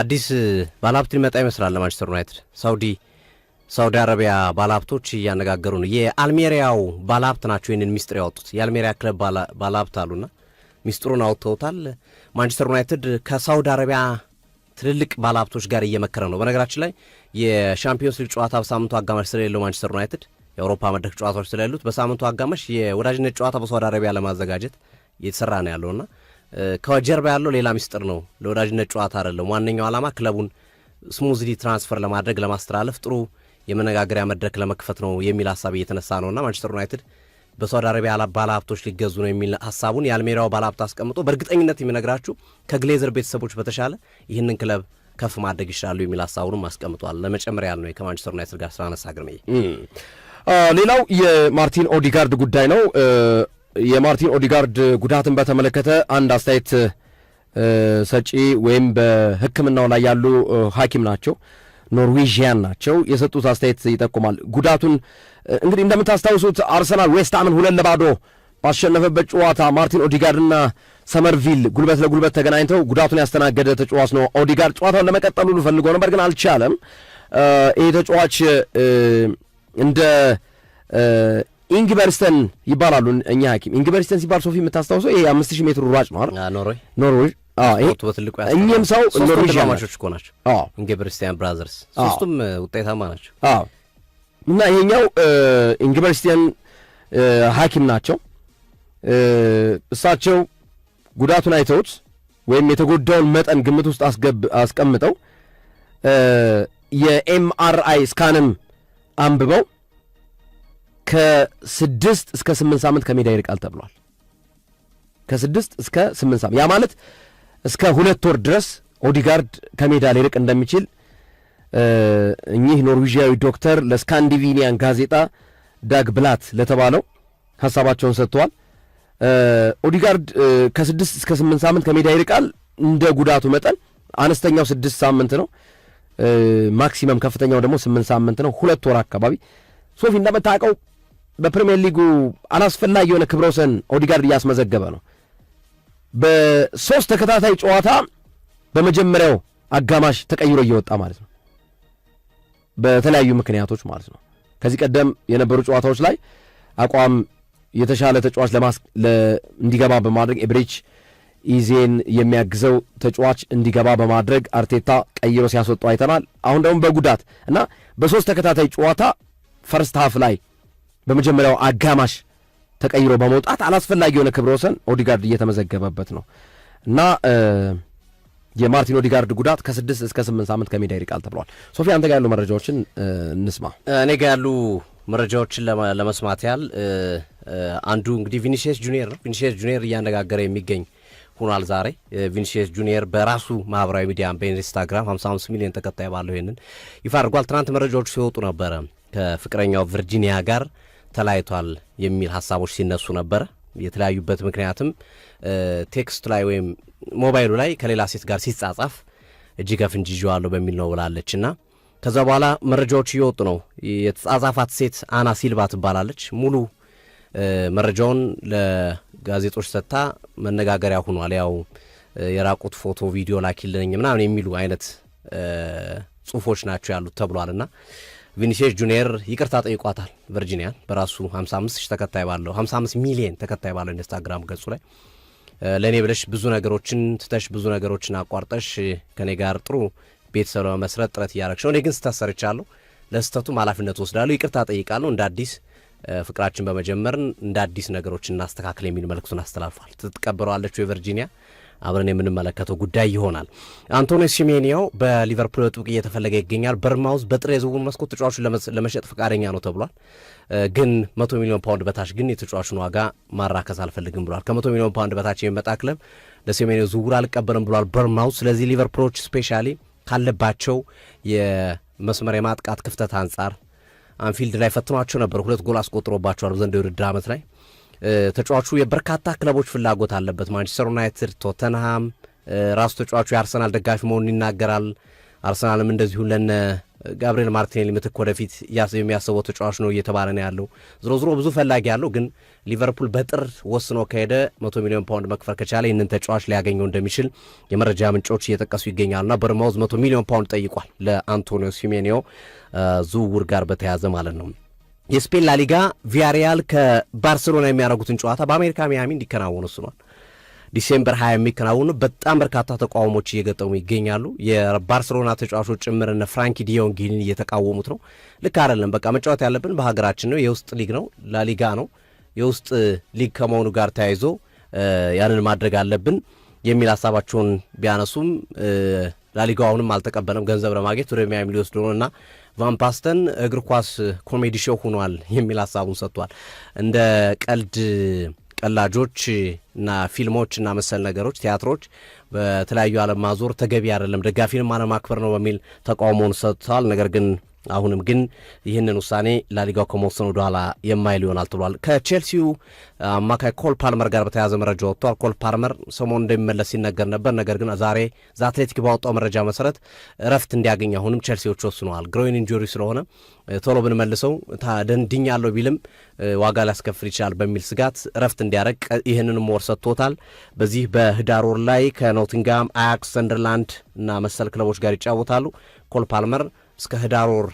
አዲስ ባለሀብት ሊመጣ ይመስላል ለማንቸስተር ዩናይትድ። ሳውዲ ሳውዲ አረቢያ ባለሀብቶች እያነጋገሩ ነው። የአልሜሪያው ባለሀብት ናቸው ይህንን ሚስጥር ያወጡት። የአልሜሪያ ክለብ ባለሀብት አሉና ሚስጥሩን አውጥተውታል። ማንቸስተር ዩናይትድ ከሳውዲ አረቢያ ትልልቅ ባለሀብቶች ጋር እየመከረ ነው። በነገራችን ላይ የሻምፒዮንስ ሊግ ጨዋታ በሳምንቱ አጋማሽ ስለሌለው ማንቸስተር ዩናይትድ የአውሮፓ መድረክ ጨዋታዎች ስለሌሉት በሳምንቱ አጋማሽ የወዳጅነት ጨዋታ በሳውዲ አረቢያ ለማዘጋጀት እየተሰራ ነው ያለውና ከጀርባ ያለው ሌላ ሚስጥር ነው። ለወዳጅነት ጨዋታ አይደለም። ዋነኛው ዓላማ ክለቡን ስሙዝሊ ትራንስፈር ለማድረግ ለማስተላለፍ፣ ጥሩ የመነጋገሪያ መድረክ ለመክፈት ነው የሚል ሀሳብ እየተነሳ እና ማንቸስተር ዩናይትድ በሳውዲ አረቢያ ባለሀብቶች ሊገዙ ነው የሚል ሀሳቡን የአልሜሪያው ባለሀብት አስቀምጦ በእርግጠኝነት የሚነግራችሁ ከግሌዘር ቤተሰቦች በተሻለ ይህንን ክለብ ከፍ ማድረግ ይችላሉ የሚል ሀሳቡንም አስቀምጧል። ለመጨመሪያ ያል ነው ከማንቸስተር ዩናይትድ ጋር ስራነሳ ግርምዬ ሌላው የማርቲን ኦዲጋርድ ጉዳይ ነው። የማርቲን ኦዲጋርድ ጉዳትን በተመለከተ አንድ አስተያየት ሰጪ ወይም በሕክምናው ላይ ያሉ ሐኪም ናቸው ኖርዌዥያን ናቸው የሰጡት አስተያየት ይጠቁማል። ጉዳቱን እንግዲህ እንደምታስታውሱት አርሰናል ዌስትሃምን ሁለት ለባዶ ባሸነፈበት ጨዋታ ማርቲን ኦዲጋርድና ሰመርቪል ጉልበት ለጉልበት ተገናኝተው ጉዳቱን ያስተናገደ ተጫዋች ነው። ኦዲጋርድ ጨዋታውን ለመቀጠሉ ልፈልጎ ነበር ግን አልቻለም። ይህ ተጫዋች እንደ ኢንግበርስተን ይባላሉ እኛ ሐኪም ኢንግበርስተን ሲባል ሶፊ የምታስታውሰው ይሄ አምስት ሺህ ሜትር ሯጭ ነው አይደል? ኖርዌይ ሰው ኖርዌይ ማሾች እኮ ናቸው። ኢንግበርስተን ብራዘርስ ሶስቱም ውጤታማ ናቸው። እና ይሄኛው ኢንግበርስቲያን ሐኪም ናቸው። እሳቸው ጉዳቱን አይተውት ወይም የተጎዳውን መጠን ግምት ውስጥ አስቀምጠው የኤምአርአይ ስካንም አንብበው ከስድስት እስከ ስምንት ሳምንት ከሜዳ ይርቃል ተብሏል። ከስድስት እስከ ስምንት ሳምንት ያ ማለት እስከ ሁለት ወር ድረስ ኦዲጋርድ ከሜዳ ሊርቅ እንደሚችል እኚህ ኖርዌዥያዊ ዶክተር ለስካንዲቪኒያን ጋዜጣ ዳግ ብላት ለተባለው ሀሳባቸውን ሰጥተዋል። ኦዲጋርድ ከስድስት እስከ ስምንት ሳምንት ከሜዳ ይርቃል። እንደ ጉዳቱ መጠን አነስተኛው ስድስት ሳምንት ነው። ማክሲመም ከፍተኛው ደግሞ ስምንት ሳምንት ነው። ሁለት ወር አካባቢ ሶፊ እንደምታውቀው በፕሪሚየር ሊጉ አላስፈላጊ የሆነ ክብረ ወሰን ኦዲጋርድ እያስመዘገበ ነው። በሶስት ተከታታይ ጨዋታ በመጀመሪያው አጋማሽ ተቀይሮ እየወጣ ማለት ነው። በተለያዩ ምክንያቶች ማለት ነው። ከዚህ ቀደም የነበሩ ጨዋታዎች ላይ አቋም የተሻለ ተጫዋች እንዲገባ በማድረግ ኤብሬች ኢዜን የሚያግዘው ተጫዋች እንዲገባ በማድረግ አርቴታ ቀይሮ ሲያስወጡ አይተናል። አሁን ደግሞ በጉዳት እና በሶስት ተከታታይ ጨዋታ ፈርስት ሀፍ ላይ በመጀመሪያው አጋማሽ ተቀይሮ በመውጣት አላስፈላጊ የሆነ ክብረ ወሰን ኦዲጋርድ እየተመዘገበበት ነው እና የማርቲን ኦዲጋርድ ጉዳት ከስድስት እስከ ስምንት ሳምንት ከሜዳ ይርቃል ተብሏል። ሶፊ አንተ ጋር ያሉ መረጃዎችን እንስማ። እኔ ጋር ያሉ መረጃዎችን ለመስማት ያህል አንዱ እንግዲህ ቪኒሽስ ጁኒየር ነው። ቪኒሽስ ጁኒየር እያነጋገረ የሚገኝ ሆኗል። ዛሬ ቪኒሽስ ጁኒየር በራሱ ማህበራዊ ሚዲያ በኢንስታግራም 55 ሚሊዮን ተከታይ ባለው ይህንን ይፋ አድርጓል። ትናንት መረጃዎች ሲወጡ ነበረ ከፍቅረኛው ቨርጂኒያ ጋር ተለያይቷል የሚል ሀሳቦች ሲነሱ ነበረ። የተለያዩበት ምክንያትም ቴክስቱ ላይ ወይም ሞባይሉ ላይ ከሌላ ሴት ጋር ሲጻጻፍ እጅ ከፍንጅ ይዤዋለሁ በሚል ነው ብላለች እና ከዛ በኋላ መረጃዎች እየወጡ ነው። የተጻጻፋት ሴት አና ሲልባ ትባላለች። ሙሉ መረጃውን ለጋዜጦች ሰጥታ መነጋገሪያ ሁኗል። ያው የራቁት ፎቶ ቪዲዮ ላኪልኝ ምናምን የሚሉ አይነት ጽሁፎች ናቸው ያሉት ተብሏልና ቪኒሴስ ጁኒየር ይቅርታ ጠይቋታል ቨርጂኒያን በራሱ 55 ሺህ ተከታይ ባለው 55 ሚሊየን ተከታይ ባለው ኢንስታግራም ገጹ ላይ ለእኔ ብለሽ ብዙ ነገሮችን ትተሽ ብዙ ነገሮችን አቋርጠሽ ከኔ ጋር ጥሩ ቤተሰብ ለመመስረት ጥረት እያረግሽ ነው። እኔ ግን ስህተት ሰርቻለሁ። ለስህተቱም ኃላፊነት ወስዳለሁ። ይቅርታ ጠይቃለሁ። እንደ አዲስ ፍቅራችን በመጀመርን እንደ አዲስ ነገሮችን እናስተካክል የሚል መልእክቱን አስተላልፏል። ትቀበለዋለች ወይ ቨርጂኒያ? አብረን የምንመለከተው ጉዳይ ይሆናል። አንቶኒ ሲሜኒዮ በሊቨርፑል በጥብቅ እየተፈለገ ይገኛል። በርማውዝ በጥር የዝውውር መስኮት ተጫዋቹን ለመሸጥ ፈቃደኛ ነው ተብሏል። ግን መቶ ሚሊዮን ፓውንድ በታች ግን የተጫዋቹን ዋጋ ማራከስ አልፈልግም ብሏል። ከመቶ ሚሊዮን ፓውንድ በታች የሚመጣ ክለብ ለሲሜኒዮ ዝውውር አልቀበልም ብሏል በርማውዝ። ስለዚህ ሊቨርፑሎች ስፔሻሊ ካለባቸው የመስመር የማጥቃት ክፍተት አንጻር አንፊልድ ላይ ፈትኗቸው ነበር። ሁለት ጎል አስቆጥሮባቸዋል ዘንድ የውድድር ዓመት ላይ ተጫዋቹ የበርካታ ክለቦች ፍላጎት አለበት። ማንቸስተር ዩናይትድ፣ ቶተንሃም ራሱ ተጫዋቹ የአርሰናል ደጋፊ መሆኑን ይናገራል። አርሰናልም እንደዚሁ ለነ ጋብሪኤል ማርቲኔሊ ምትክ ወደፊት የሚያስበው ተጫዋች ነው እየተባለ ነው ያለው። ዝሮ ዝሮ ብዙ ፈላጊ ያለው ግን ሊቨርፑል በጥር ወስኖ ከሄደ መቶ ሚሊዮን ፓውንድ መክፈል ከቻለ ይህንን ተጫዋች ሊያገኘው እንደሚችል የመረጃ ምንጮች እየጠቀሱ ይገኛሉና በርማውዝ መቶ ሚሊዮን ፓውንድ ጠይቋል ለአንቶኒዮ ሲሜኒዮ ዝውውር ጋር በተያያዘ ማለት ነው። የስፔን ላሊጋ ቪያሪያል ከባርሴሎና የሚያደርጉትን ጨዋታ በአሜሪካ ሚያሚ እንዲከናወኑ ወስኗል። ዲሴምበር ሀያ የሚከናወኑ በጣም በርካታ ተቃውሞች እየገጠሙ ይገኛሉ። የባርሴሎና ተጫዋቾች ጭምር እነ ፍራንኪ ዲዮንጊንን እየተቃወሙት ነው። ልክ አይደለም። በቃ መጫወት ያለብን በሀገራችን ነው። የውስጥ ሊግ ነው፣ ላሊጋ ነው። የውስጥ ሊግ ከመሆኑ ጋር ተያይዞ ያንን ማድረግ አለብን የሚል ሀሳባቸውን ቢያነሱም ላሊጋው አሁንም አልተቀበለም። ገንዘብ ለማግኘት ወደ ሚያሚ ሊወስድ እና ቫንፓስተን እግር ኳስ ኮሜዲ ሾው ሆኗል የሚል ሀሳቡን ሰጥቷል። እንደ ቀልድ ቀላጆች እና ፊልሞች እና መሰል ነገሮች ቲያትሮች በተለያዩ ዓለም ማዞር ተገቢ አይደለም፣ ደጋፊንም አለማክበር ነው በሚል ተቃውሞውን ሰጥተዋል። ነገር ግን አሁንም ግን ይህንን ውሳኔ ላሊጋው ከመወሰኑ ወደኋላ የማይል ይሆናል ተብሏል። ከቼልሲው አማካይ ኮል ፓልመር ጋር በተያያዘ መረጃ ወጥቷል። ኮል ፓልመር ሰሞኑን እንደሚመለስ ሲነገር ነበር። ነገር ግን ዛሬ ዘ አትሌቲክ ባወጣው መረጃ መሰረት እረፍት እንዲያገኝ አሁንም ቼልሲዎች ወስነዋል። ግሮይን ኢንጆሪ ስለሆነ ቶሎ ብንመልሰው ድኛ አለው ቢልም ዋጋ ሊያስከፍል ይችላል በሚል ስጋት እረፍት እንዲያረቅ ይህንንም ወር ሰጥቶታል። በዚህ በህዳር ወር ላይ ከኖቲንጋም፣ አያክስ፣ ሰንደርላንድ እና መሰል ክለቦች ጋር ይጫወታሉ ኮል ፓልመር እስከ ህዳር ወር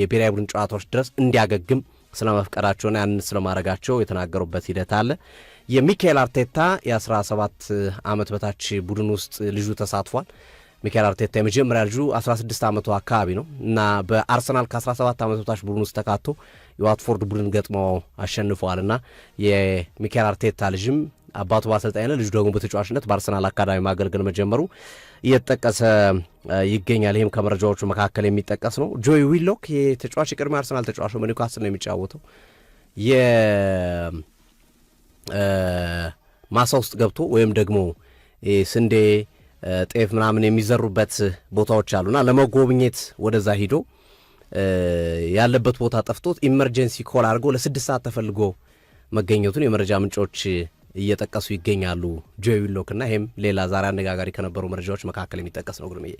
የብሔራዊ ቡድን ጨዋታዎች ድረስ እንዲያገግም ስለመፍቀዳቸውና ያንን ስለማድረጋቸው የተናገሩበት ሂደት አለ። የሚካኤል አርቴታ የ17 ዓመት በታች ቡድን ውስጥ ልጁ ተሳትፏል። ሚካኤል አርቴታ የመጀመሪያ ልጁ 16 ዓመቱ አካባቢ ነው እና በአርሰናል ከ17 ዓመት በታች ቡድን ውስጥ ተካቶ የዋትፎርድ ቡድን ገጥሞ አሸንፈዋል ና የሚካኤል አርቴታ ልጅም አባቱ በአሰልጣኝነት ልጁ ደግሞ በተጫዋችነት በአርሰናል አካዳሚ ማገልገል መጀመሩ እየተጠቀሰ ይገኛል። ይህም ከመረጃዎቹ መካከል የሚጠቀስ ነው። ጆይ ዊሎክ የተጫዋች የቅድሚ አርሰናል ተጫዋች ነው። በኒውካስል ነው የሚጫወተው። የማሳ ውስጥ ገብቶ ወይም ደግሞ ስንዴ፣ ጤፍ ምናምን የሚዘሩበት ቦታዎች አሉና ለመጎብኘት ወደዛ ሂዶ ያለበት ቦታ ጠፍቶት ኢመርጀንሲ ኮል አድርጎ ለስድስት ሰዓት ተፈልጎ መገኘቱን የመረጃ ምንጮች እየጠቀሱ ይገኛሉ ጆይ ዊሎክ እና ይህም ሌላ ዛሬ አነጋጋሪ ከነበሩ መረጃዎች መካከል የሚጠቀስ ነው። ግርምዬ